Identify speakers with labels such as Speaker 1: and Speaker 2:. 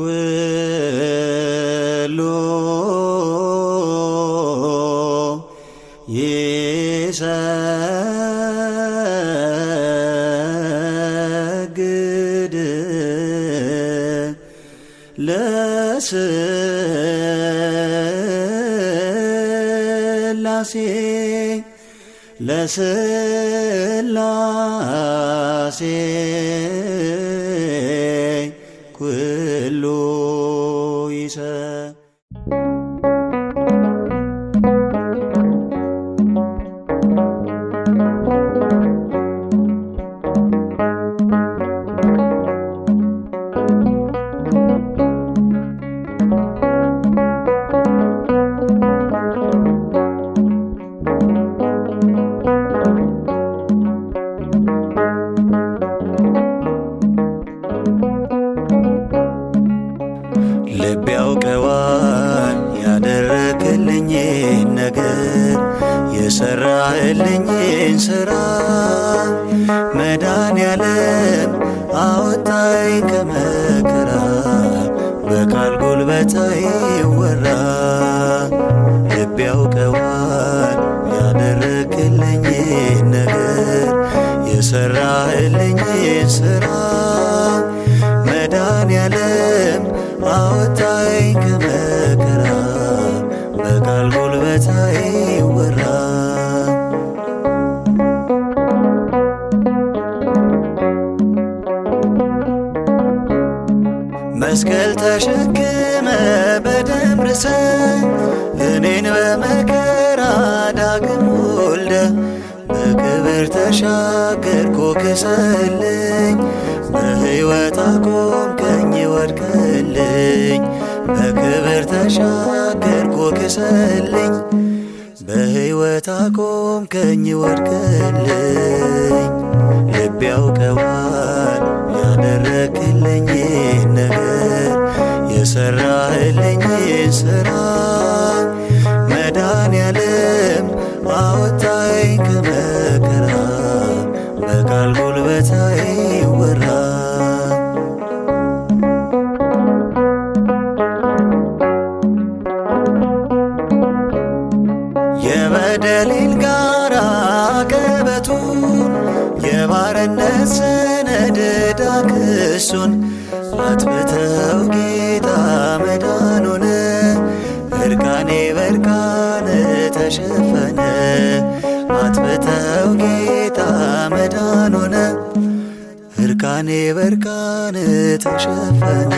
Speaker 1: ኩሉ ይሰግድ ለስላሴ ለስላሴ
Speaker 2: የሰራህልኝን ስራ መዳን ያለም አወጣኝ ከመከራ በቃል ጉልበት ይወራ ልብ ያውቀዋል ያደረግልኝን ነገር የሰራህልኝን ስራ መዳን ያለም አወጣኝ ከመ መስቀል ተሸክመ በደምርሰ ርሰ እኔን በመከራ ዳግም ወልደ በክብር ተሻገር ኮክሰልኝ በሕይወት አቆምከኝ ወድቀልኝ በክብር ተሻገር ኮክሰልኝ በሕይወት አቆምከኝ ወድቀልኝ የሰራህልኝ ስራ መዳን ያለም አወጣኝ ከመከራ በቃል ጉልበት አይወራ የበደሌን ጋራ ቀበቱን የባርነት ሰነድ ዳክሱን አትበት ተሸፈነ አጥብተው ጌታ መዳን ሆነ እርቃኔ በርቃን ተሸፈነ